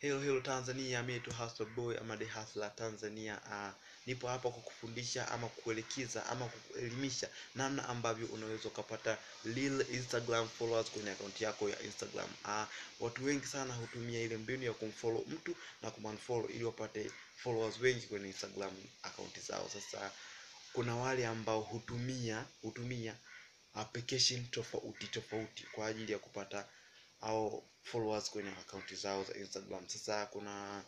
Hello, hello Tanzania, mimi tu Hustle Boy ama The Hustler Tanzania. Uh, nipo hapa kwa kufundisha ama kuelekeza ama kuelimisha namna ambavyo unaweza ukapata real Instagram followers kwenye akaunti yako ya Instagram. Uh, watu wengi sana hutumia ile mbinu ya kumfollow mtu na kumunfollow ili wapate followers wengi kwenye Instagram account zao. Sasa kuna wale ambao hutumia hutumia application tofauti tofauti kwa ajili ya kupata au followers kwenye akaunti zao za Instagram. Sasa kuna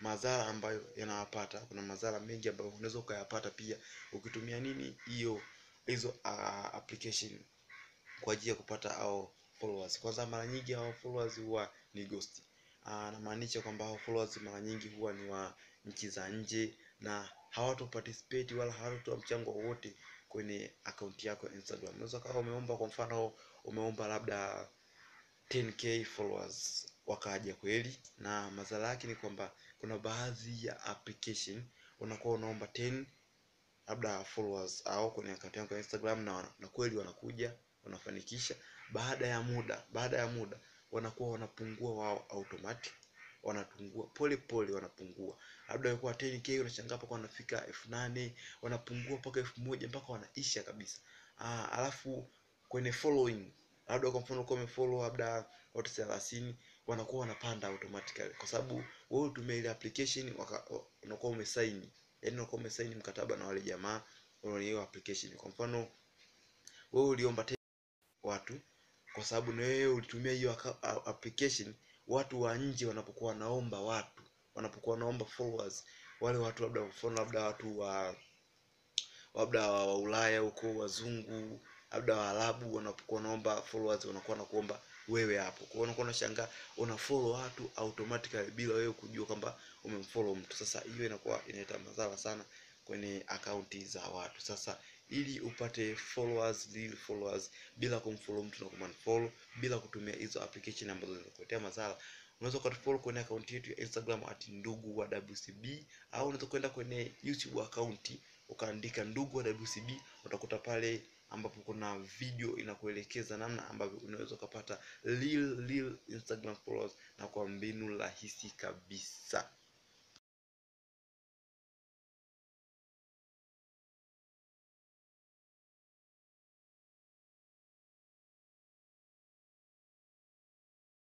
madhara ambayo yanawapata, kuna madhara mengi ambayo unaweza ukayapata pia ukitumia nini hiyo hizo uh, application kwa ajili ya kupata au followers. Kwanza mara nyingi au followers huwa ni ghost. Anamaanisha ah, kwamba au followers mara nyingi huwa ni wa nchi za nje na hawato participate wala hawatotoa mchango wowote kwenye akaunti yako ya Instagram. Unaweza kama umeomba kwa mfano, umeomba labda 10k followers wakaja kweli, na madhara yake ni kwamba kuna baadhi ya application unakuwa unaomba 10 labda followers au kwenye akaunti yangu ya Instagram na, na kweli wanakuja wanafanikisha. Baada ya muda baada ya muda wanakuwa wanapungua wao automatic, wanapungua pole pole, wanapungua labda ilikuwa 10k, unashangaa mpaka wanafika elfu wanapungua mpaka 1000 mpaka wanaisha kabisa. Ah, alafu kwenye following labda kwa mfano uko umefollow labda watu 30 wanakuwa wanapanda automatically kwa sababu wewe utumia ile application unakuwa umesign yani unakuwa umesign mkataba na wale jamaa wale hiyo application kwa mfano wewe uliomba watu kwa sababu na wewe ulitumia hiyo application watu wa nje wanapokuwa wanaomba watu wanapokuwa wanaomba followers wale watu labda mfano labda watu wa labda wa Ulaya huko wazungu labda Waarabu wanapokuwa naomba followers wanakuwa nakuomba wewe hapo. Kwa hiyo unakuwa unashangaa unafollow watu automatically bila wewe kujua kwamba umemfollow mtu. Sasa hiyo inakuwa inaleta madhara sana kwenye akaunti za watu. Sasa ili upate followers, real followers bila kumfollow mtu na kumunfollow, bila kutumia hizo application ambazo zinakuletea madhara, unaweza ukatufollow kwenye akaunti yetu ya Instagram at ndugu wa WCB, au unaweza kwenda kwenye YouTube account ukaandika ndugu wa WCB, utakuta pale ambapo kuna video inakuelekeza namna ambavyo unaweza ukapata real real Instagram followers na kwa mbinu rahisi kabisa.